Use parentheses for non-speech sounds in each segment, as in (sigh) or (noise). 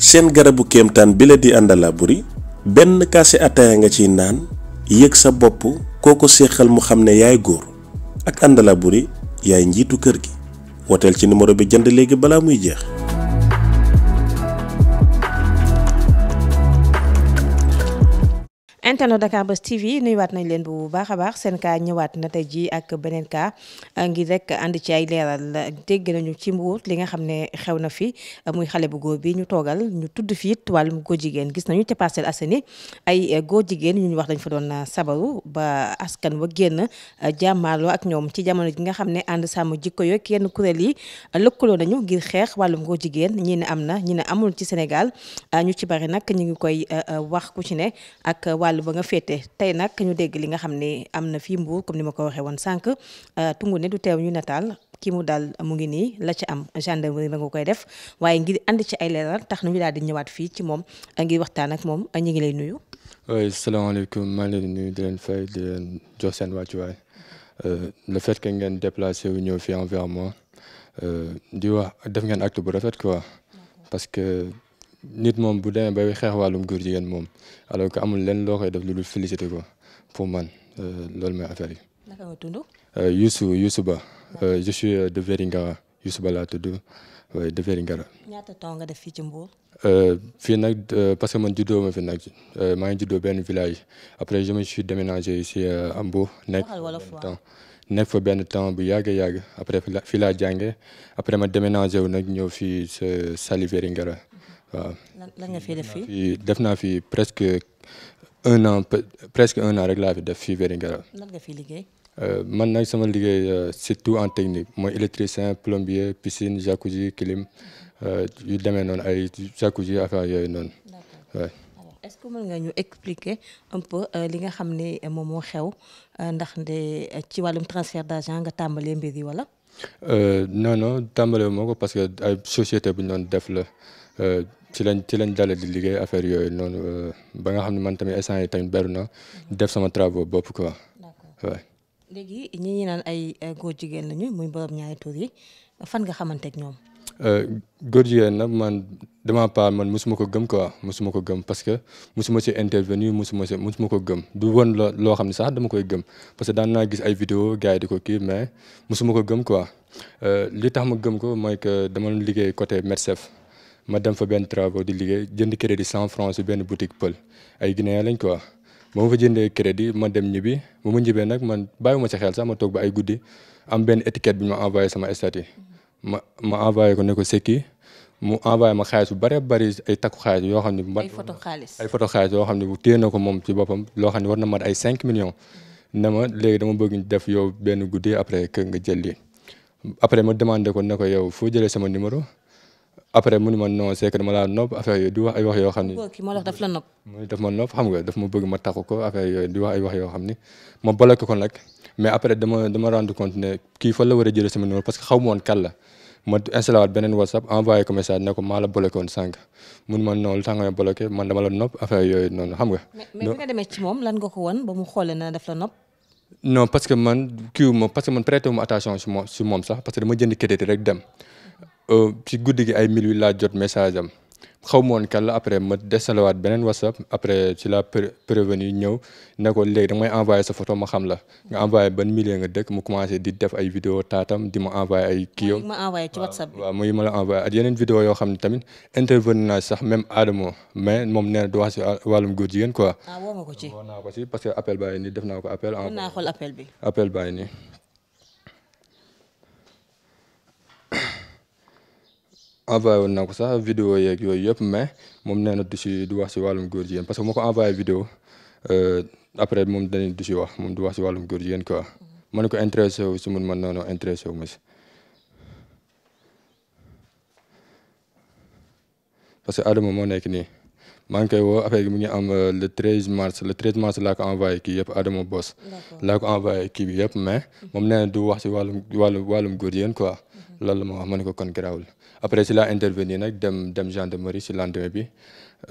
seen garabu kéemtaan bi la di àndalaa buri benn kaasi ataaya nga ciy naan yëg sa bopp koo ko séexal mu xam ne yaay góor ak àndalaa buri yaay njiitu kër gi woteel ci numéro bi jënd léegi balaa muy jeex internet Dakar Buzz TV waat nañ leen bu baax a baax seen kaa ñëwaat na tey jii ak beneen ka uh, ngir rek ànd ci ay leeral dégg nañu ci mbuur li nga xam ne xew na fi uh, muy xale bu góor bi ñu toogal ñu tudd fi it wàllum góor jigéen gis nañu ca Parcelles Assainies uh, góor jigéen ñu ñu wax dañ fa doon sabaru ba askan wa génn jàmmaarloo ak ñoom ci jamono ji nga xam ne ànd sàmm jikko yooyu kenn kuréel yi lëkkaloo nañu ngir xeex wàllum góor jigéen ñi ne am na ñi ne amul ci a ñu ci bari nag ñu ngi koy wax ku ci ne ak wàllu wàll ba nga féete tey nag ñu dégg li nga xam ne am na fi Mbour comme ni ma ko waxee woon sànq euh, tungu ne du teew ñu nataal ki mu daal mu ngi nii la ci am gendarmerie la nga koy def waaye ngir ànd ci ay leeral tax nu ñu daal di ñëwaat fii ci moom ngir waxtaan ak moom ñu ngi lay nuyu. oui salaamaaleykum maa ngi leen nuyu di leen fay di leen jox seen wàccuwaay euh, le fait que ngeen déplacé wu ñëw fii envers moi euh, di wax def ngeen acte bu rafet quoi parce que. nit moom bu demee bay xeex wàllum góor jigéen moom alors que amul leen loo koy def lu dul félicité ko pour man euh, loolu mooy affaire yi. naka nga tudd. Euh, Youssou Ba. Euh, je de Vélingara Youssou Ba laa tudd de Vélingara. ñaata temps nga def fii ci Mbour. fii nag parce que man juddoo ma fi nag maa ngi juddoo benn village après je me suis déménagé ici à Mbour. nekk temps nekk fa benn temps bu yàgg yàgg après fi laa jànge après ma déménagé wu nag ñëw fii Saly Vélingara waaw. lan nga fi def naa fi presque un an presque un an rek laa fi def fii Vélingara. lan nga fi liggéey. Euh, man nag sama liggéey euh, surtout en technique mooy électricien plombier piscine jacuzzi clim euh, yu demee noonu ay jacuzzi affaire yooyu noonu. d'accord est-ce que mën nga ñu expliquer un peu li nga xam ne moom moo xew ndax nde ci wàllum transfert d'argent nga tàmbalee mbir yi wala. non non tàmbalee moo ko parce que ay société bu ñu doon def la. ci lañ ci lañ dale di liggéey affaire yooyu noonu euh, ba nga xam ne man tamit instant yi tamit beru na mhm. def sama travaux bopp quoi. d'accord léegi ñi ñi naan ay góor jigéen lañu muy borom ñaari tur yi fan nga xamante ak ñoom. Euh, góor jigéen nag man dama part man mosuma ko gëm quoi mosuma ko gëm parce que mosuma si intervenir mosuma si mosuma ko gëm du woon la loo xam ne sax dama koy gëm parce que daan naa gis ay vidéo gars di ko kii mais mosuma ko gëm quoi euh, li tax ma gëm ko mooy que dama liggéey côté Medcef. ma dem fa benn travaux di liggéey jënd crédit cent franc si benn boutique pël ay guinéen lañ ko ba ma fa jëndee crédit ma dem ñibbi bu ma ñibbee nag man bàyyiwuma ci xel sax ma toog ba ay guddi am benn étiquette bi ma envoyé sama statut ma ma envoyé ko ne ko sekki mu envoyé ma xaalis bu bare bari ay takku xaalis yoo xam ne. ay photo xaalis ay photo xaalis yoo xam ne bu téye na ko moom si boppam loo xam ne war na mat ay cinq millions. na ma léegi dama bëgg ñu def yow benn guddi après que nga jël après ma demandé ko ne ko yow foo jëlee sama numéro. après mu ne ma non c'est que dama laa nopp affaire yooyu di wax ay wax yoo xam la nopp. mooy yooyu di wax ay wax yoo xam ni ma bloqué ko nag mais après dama dama compte ne kii fan la war a jëlee sama numéro parce que xaw ma woon kan la ma installé waat beneen WhatsApp envoyé ko woon sànq mu ne ma non lu tax nga ma man dama la nopp affaire yooyu noonu xam nga. mais mais bi nga demee ci moom lan nga ko woon ba mu xoolee na daf la nopp. non parce que man kii wu ma parce que man moom sax parce que dama jënd crédit rek dem Euh, ci guddi gi ay minuit la jot message am xaw ma woon kan la après ma desalawaat beneen whatsapp après ci la prévenu ñëw ne ko léegi da may envoyé sa photo ma xam la nga envoyé ban milieu nga dëkk mu commencé di def ay vidéo taatam di ma envoyé ay kii ma envoyé ci whatsapp waaw muy ma la envoyé ak yeneen vidéo yoo xam ne tamit intervenir naa sax même Adamo mais moom nee na du wax si wàllum góor jigéen quoi. Ah, ko ci woo naa ko si parce que appel bàyyi nii def naa ko appel. mën nii. envoyé woon naa ko sax vidéo yeeg yooyu yëpp mais moom nee na du si du wax si wàllum góor jigéen parce que ma ko envoyé vidéo euh, après moom dañuy du si wax moom du wax si wàllum góor jigéen quoi ma ne ko intéressé wu si mun man noonu intéressé wu ma si parce que Adama moo nekk nii maa ngi koy woo affaire bi mu ngi am euh, le 13 mars le 13 mars laa envoyé kii yëpp Adama Boss laa envoyé kii bi yëpp mais mhm. moom nee du wax si wàllum wàllum wàllum góor yéen quoi mhm. loolu la ma wax ma ni ko kon garaawul après si la intervenir nag dem dem gendarmerie si lendemain bi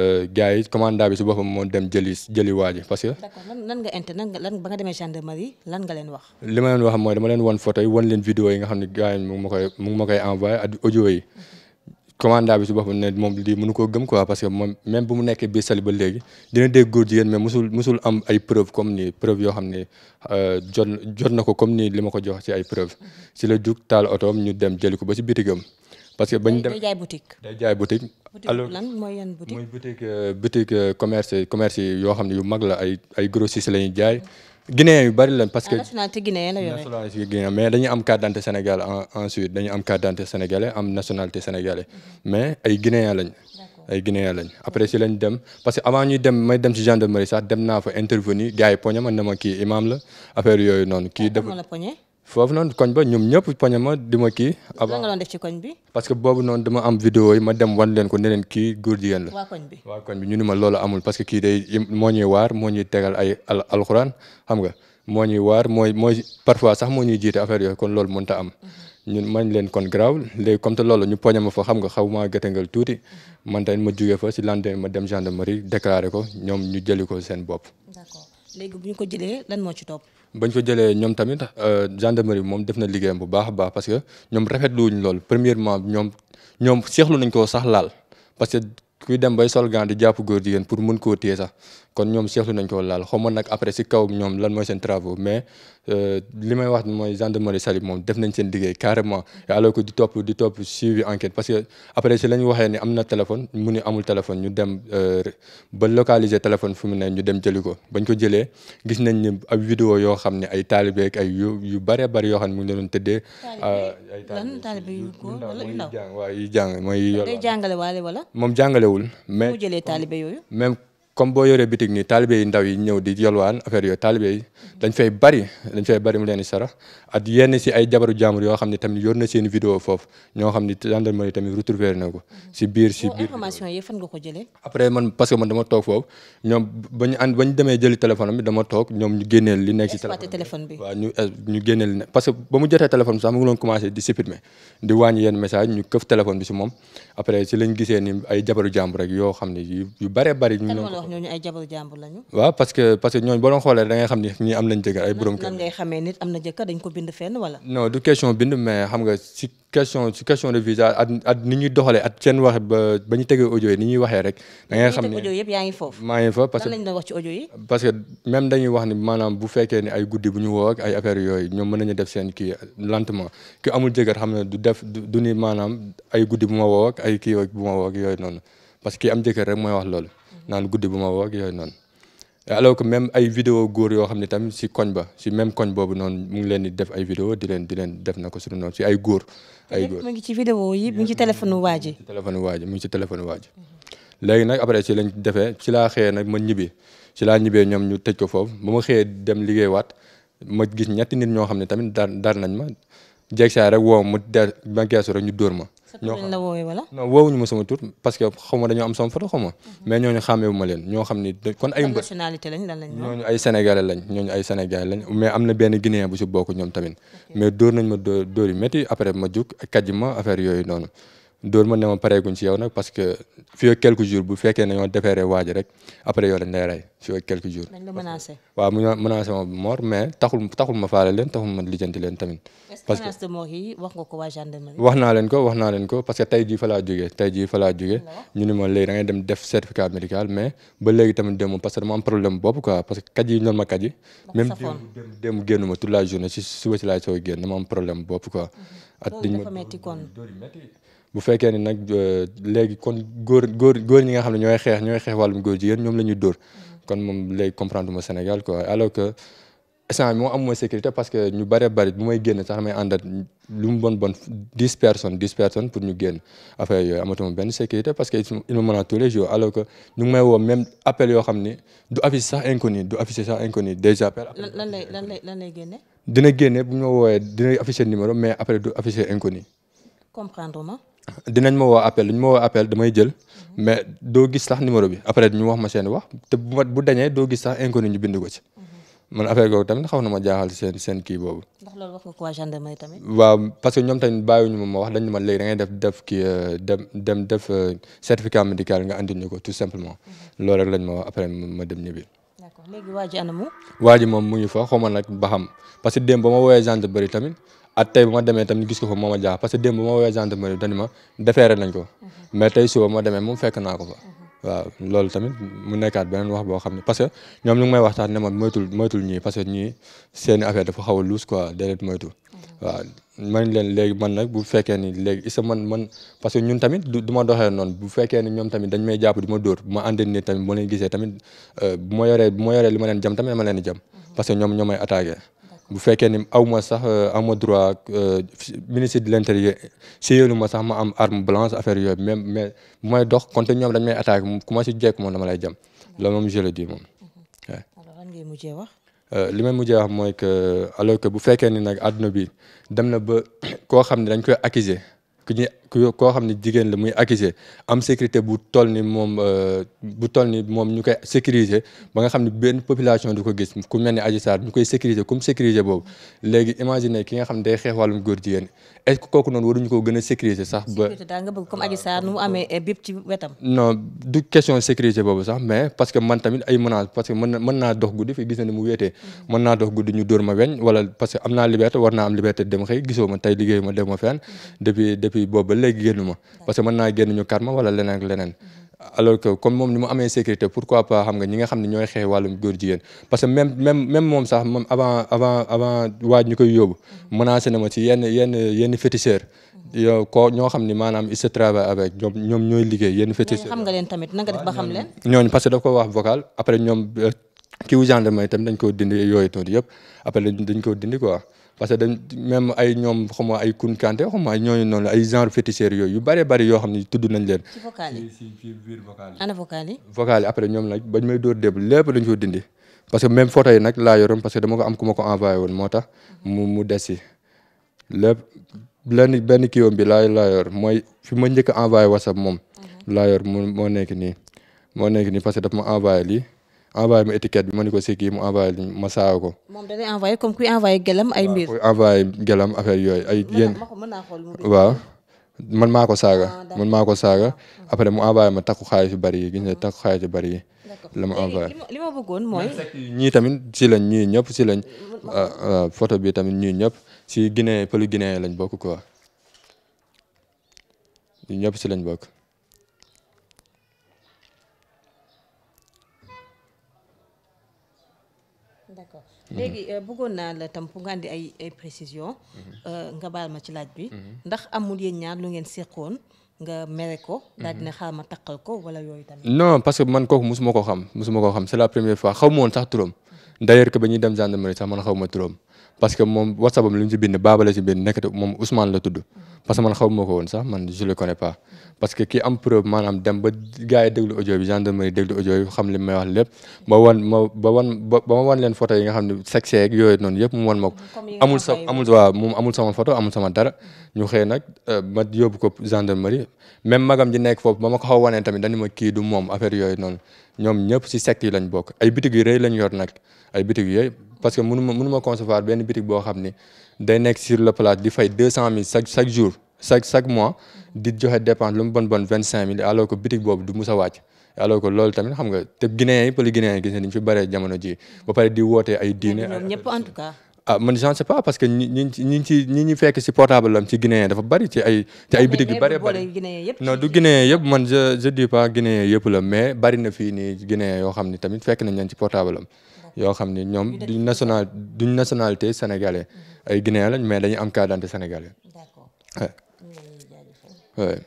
euh, gars yi commandant bi si boppam moo dem jëli jëli waa ji parce que. d'accord nan nga inter nan ba nga demee gendarmerie lan nga leen wax. li ma leen wax mooy dama leen wan photo yi wan leen vidéo yi nga xam ne gars yi mu ngi ma koy mu ngi envoyé ak audio commandant bi si boppam ne moom lii mënu koo gëm quoi parce que moom même bu mu nekkee biir sali ba léegi dina dégg góor jigéen mais musul musul am ay preuve comme nii preuve yoo xam ne euh, jot jot na ko comme nii li ma ko jox ci ay preuve si la jug taal otoom ñu dem jëli ko ba si bitigam parce que bañ dem day jaay boutique day jaay boutique alors lan mooy yan mooy boutique euh, boutique euh, commerce commerce yoo xam ne yu mag la ay ay grossiste la ñuy jaay guinéen yu bari lan parce que ah, nationalité guinéen la yore nationalité guinéen mais dañu am carte d'identité sénégal ensuite dañu am carte d'identité sénégalais am nationalité sénégalais mhm. mais ay guinéen lañ ay guinéen lañ après si lañ dem parce que avant ñuy dem may dem si gendarmerie sax dem naa fa intervenir gars yi poñe man na ma kii imam la affaire yooyu noonu kii def foofu noonu koñ ba ñoom ñëpp poñe di ma kii. parce que boobu noonu dama am vidéo yi ma dem wan leen ko ne leen kii góor jigéen la. waa koñ bi waa koñ bi ñu ni ma loolu amul parce que kii day moo ñuy waar moo ñuy tegal ay xam nga moo ñuy waar mooy mooy parfois sax moo ñuy jiite affaire yooyu kon loolu mënut a am. Mhm. ñun mañ leen kon graw léegi comme te ñu poñe ma fa xam nga xaw maa ngal tuuti mhm. manta tamit ma jugee fa si lendemain ma dem gendarmerie déclaré ko ñoom ñu jëli ko seen bopp. bañ ko jëlee ñoom tamit euh, gendarmerie bi moom def na liggéeyam bu baax a baax parce que ñoom rafetlu wuñ loolu premièrement ñoom ñoom seexlu nañ koo sax laal parce que kuy dem bay sol gant di jàpp góor jigéen pour mën koo téye sax kon ñoom seexlu nañ ko laal xaw ma nag après si kaw ñoom lan mooy seen travaux mais euh, li may wax mooy gendarmerie Saly moom def nañ seen liggéey carrément alors que di topp di topp suivi enquête parce que après si la am na téléphone mu ni amul téléphone ñu dem euh, ba localiser téléphone fu mu ne ñu dem jëli ko bañ ko jëlee gis nañ ni ab vidéo yoo xam ne ay taalibeek ay yu yu bëree bëri yoo xam ne mu ngi doon tëddee. Ah, ay taalibe yu góor wala yu ndaw jàng mooy. day jàngale waale wala. moom jàngalewul mais comme boo yoree bitig nii taalibe yi ndaw yi ñëw di yolwaan affaire yooyu taalibe yi dañ fay bari mu leen sarax ak yenn si ay jabaru jaamur yoo xam ne tamit yor na seen vidéo foofu ñoo xam ne gendarmerie tamit retrouver na ko si biir si biir information yi fan parce que toog ñoom ba ñu ànd ba ñu demee jëli téléphone bi dama toog ñoom ñu génneel li si téléphone bi waaw eh, mu jotee téléphone bi sax mu ngi doon commencé di supprimer di wàññi yenn message ñu këf téléphone bi si moom après si lañ gisee ni ay jabaru jaamur rek yoo xam ne yu bare bari ñu ndax ñooñu ay jabaru jàmbur lañu. waaw parce que parce que ñooñu boo doon xoolee da ngay xam ni ñii am nañ jëkkër ay borom kër. nit am na jëkkër dañ ko bind fenn wala. non du question bind mais xam ñuy doxalee at seen wax ba ba ñu tegee audio ñuy waxee rek. da ngay xam ne audio yëpp yaa ngi foofu. maa ngi fa parce que lan lañ doon wax ci wax ni maanaam bu fekkee ni ay guddi bu ñu woo ay affaire yooyu ñoom mën nañu def seen kii lentement ki amul jëkkër xam ne du def du ni maanaam ay guddi bu ma woo ay kii bu ma woo ak yooyu noonu parce que am jëkkër rek mooy wax loolu naan guddi bu ma woo ak yooyu ko alors même ay vidéo góor yoo xam ne tamit si koñ ba si même koñ boobu noonu mu ngi leen di def ay vidéo di leen di leen def na ko suñu noonu si ay góor. ay góor mu ngi ci vidéo yi mu ngi ci téléphone waa ji. téléphone waa mu ngi ci téléphone waa léegi nag après si lañ defee si laa xëyee nag ma ñibbi si laa ñibbee ñoom ñu tëj ko foofu ba ma xëyee dem liggéey waat ma gis ñetti nit ñoo xam ne tamit dar dar nañ ma jeeg saa rek woo mu der ma geesu rek ñu dóor ma. ñoo xam la woowee wala. non woowuñu sama tur parce que xaw ma dañoo am sama photo xaw ma. mais ñooñu xàmmee leen ñoo xam ni kon ay. mbër nationalité lañ lan lañ. ñooñu ay sénégalais lañ ñooñu ay sénégalais lañ mais am na benn guinéen bu si bokk ñoom tamit. mais dóor nañ ma dóor dóor yu métti après ma jug a ma affaire yooyu noonu. dóor ma ne ma pareeguñ ci yow nag parce que fii ak quelques jours bu fekkee nañoo defeere waa ji rek après yow dañ lay rey fii ak quelques jours. dañ la menacé waaw mu menacé mais taxul ma faale leen taxul ma lijjanti leen tamit. parce que menace de mort yi naa leen ko wax naa leen ko parce que tey jii fa laa jógee tey jii fa ñu ne ma léegi da dem def certificat médical mais ba léegi tamit demoo parce que dama am problème boobu quoi parce que kaj yi ñoom ma kaj yi. même démb démb génn ma toute la journée si si laay bu fekkee ni nag euh, léegi kon góor góor góor ñi nga xam ne ñooy xeex ñooy xeex wàllum góor jigéen ñoom la ñuy dóor kon moom léegi comprendre ma Sénégal quoi alors que instant bi moo amuma sécurité parce que ñu bare bari bu may génn sax damay àndat lu mu bon bon dix personnes dix personnes pour ñu génn affaire yooyu amatuma benn sécurité parce que il me menace tous les jours alors que ñu ngi may woo même appel yoo xam ni du affiche sax inconnu du affiche sax inconnu des appels. dina génne bu ñu woowee dina afficher numéro mais après du afficher inconnu. dinañ ma woo appel duñ ma woo appel damay jël mais doo gis sax numéro bi après ñu wax ma seen wax te bu dañee doo gis sax inconnu ñu ci. man affaire googu tamit xaw na ma jaaxal seen seen parce que ñoom tamit bàyyiwuñu ma wax dañu ma léegi da def def euh, euh, certificat médical nga andil ñu ko tout simplement. loolu rek lañ ma wax après ma dem ñibbi. at tey bu ma demee tamit gis ko fa moo ma jaax parce que démb ma woowee gendarmerie ma defeere nañ ko mais tey suba ma demee moom fekk naa ko fa waaw loolu tamit mu nekkaat beneen wax boo xam ne parce que ñoom ñu may waxtaan ne ma moytul moytul ñii parce que ñii seeni affaire a luus quoi déedéet moytu leen léegi man nag bu fekkee ni léegi isa man man parce que ñun tamit du ma doxee noonu bu fekkee ni ñoom tamit dañ may jàpp di ma dóor bu ma ànd nii tamit bu ma leen gisee tamit euh, bu ma yoree li ma leen jam tamit dama leen di jam parce que ñoom ñoo may bu fekkee ni aw ma sax euh, aw ma droit euh, ministre de l'intérieur séyoolu ma sax ma am arme blanche affaire yooyu même mais bu may dox konte ñoom dañ may attaque ku ma si jekk moom dama lay jam loolu moom je le dis moom mhm. alors lan ngay mujjee wax euh, li may mujjee wax mooy que alors que bu fekkee ni nag àdduna bi dem na ba (coughs) koo xam ne dañ koy accuser ku ñuy ku koo xam ne jigéen la muy accusé am sécurité bu toll ni moom euh, bu toll ni moom ñu koy sécuriser ba nga xam ne benn population du ko gis ku mel ni Adji Sarr a sécuriser sax nu mu amee eh, bépp ci wetam non du question sécurité boobu sax mais parce que man tamit ay menaces parce que mën naa dox guddi fi gis na ni mu wéetee mm-hmm. mën naa dox guddi ñu dóor ma weñ wala parce que am naa liberté war naa am liberté dem xëy gisoo ma tey liggéey dem ma fenn mm-hmm. depuis depuis boobu léegi génn ma parce que mën naa génn ñu kar ma wala leneen ak leneen mhm. alors que comme moom ni mu amee sécurité pourquoi pas xam nga ñi xam ne ñooy xeex wàllum góor jigéen parce que même même même moom sax moom avant avant avant waaj ñu koy yóbbu mhm. menacé na ma ci yenn yenn yenn féticheur mhm. ñoo xam ni maanaam il se travaille avec ñoom ñoom ñooy liggéey yenn féticheur xam nga parce que daf ko wax vocal après ñoom euh, kiiwu gendarmerie tamit dañ koo dindi yooyu tuuti yëpp après dañ koo dindi quoi parce que da même ay ñoom xam ay kunkante xam nga ay ñooñu noonu ay genre féticheurs yooyu yu bëree yoo xam ni tudd nañ leen. ci vocal yi ci ana vocal yi. après ñoom nag bañ may dóor démb lépp dañ ko dindi parce que même photo yi nag laa yoroon parce que dama ko am ku ma ko envoyé woon moo tax mu mu des si lépp lenn benn kii bi laa laa yor mooy fi ma njëkk a envoyé whatsapp moom. Mhm. laa yor mu moo nekk nii moo nekk nii parce que daf ma envoyé lii. envoyé ma étiquette bi ma ko si kii mu envoyé ma saawa ko. moom da envoyé gelam ay mbir. waaw kuy envoyé man maa ko saaga. Ah, man maa ko saaga après mu envoyé ma takku xaalis yu bari yi gis nga ah. takku yu bari yi. tamit si lañ ñii ñëpp si lañ. Ah, photo bi tamit ñii ñëpp si Guinée pëlu Guinée lañ bokk quoi ñii ñëpp si lañ bokk. Mhm. léegi euh, bëggoon naa la tam fu nga ay ay précision mhm. euh, nga baar ma ci laaj bi mhm. ndax am amul yéen ñaar lu ngeen seqoon nga mere ko daal dina xaar ma taqal ko wala yooyu tamit non parce man kooku mosuma ko xam mosuma ko xam c'est la première fois xaw ma woon sax turam d'ailleurs que ba ñuy dem gendarmerie sax man xaw ma turam parce que moom whatsapp am li mu ci bind baaba la ci bind nekkati moom Ousmane la tudd parce que man xaw ma ko woon sax man je le connais pas parce que ki am preuve maanaam dem ba gars yi déglu audio bi gendarmerie déglu audio bi xam li may wax lépp ba ma wan leen photo yi nga xam ne sexe yeeg yooyu noonu yëpp mu wan ma amul sama photo amul sama dara ñu xëy nag euh, ma yóbbu ko gendarmerie même magam ji nekk foofu ba ma ko xaw wanee tamit dañu ma kii du moom affaire yooyu noonu ñoom ñëpp si secte yi lañ bokk ay bitig yu rëy lañ yor nag ay yooyu parce que mënu ma mënu ma concevoir benn boutique boo xam ni day nekk sur le plat di fay deux cent mille chaque chaque jour chaque chaque mois di joxe dépense lu mu bon bon vingt cinq mille alors que boutique boobu du mus a wàcc alors que loolu tamit xam nga te Guinéen yi pël Guinéen yi gis ne dañu fi bare jamono ji ba pare di woote ay diine ñoom ñëpp en tout cas ah man je ne sais pas parce que ñi ñi ñi ci ñi ñu fekk si portable am ci Guinéen dafa bari ci ay. ay bitig yu bari bari non du Guinéen yëpp man je je pas Guinéen yëpp la mais bari na fii nii Guinéen yoo xam ni tamit fekk nañ leen ci portable am. yoo xam ni ñoom duñ national duñ nationalité sénégalais ay Guinéen lañ mais dañu am carte d'identité sénégalais.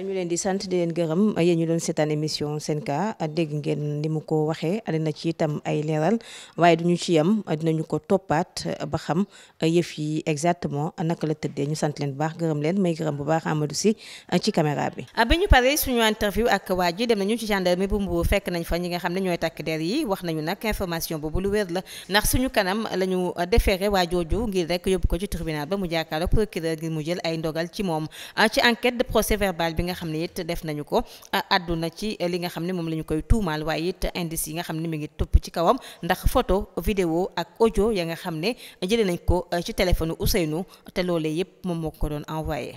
ñu leen di sant di leen gërëm yéen ñu doon seetaan émission seen ka dégg ngeen ni mu ko waxee na ci itam ay leeral waaye du ñu ci yem ñu ko toppaat ba xam yëf yi exactement naka la tëddee ñu sant leen bu baax gërëm leen may gërëm bu baax a du si ci caméra bi. Ah, bi ñu paree suñu interview ak waa ji dem nañu ci gendarmerie bu Mbour fekk nañ fa ñi nga xam ne ñooy takk der yi wax nañu nag information boobu lu wér la ndax suñu kanam la ñu defeere waa jooju ngir rek yóbbu ko ci tribunal ba mu jàkkaarloo procureur ngir mu jël ay ci moom ah, bi nga xam ne it def nañu ko adduna ci li nga xam ne moom la ñu koy tuumaal waaye it indice yi nga xam ne mu ngi topp ci kawam ndax photo vidéo ak audio ya nga xam ne jëlee nañ ko ci téléphone Ousseynou te loole yëpp moom moo ko doon envoyé.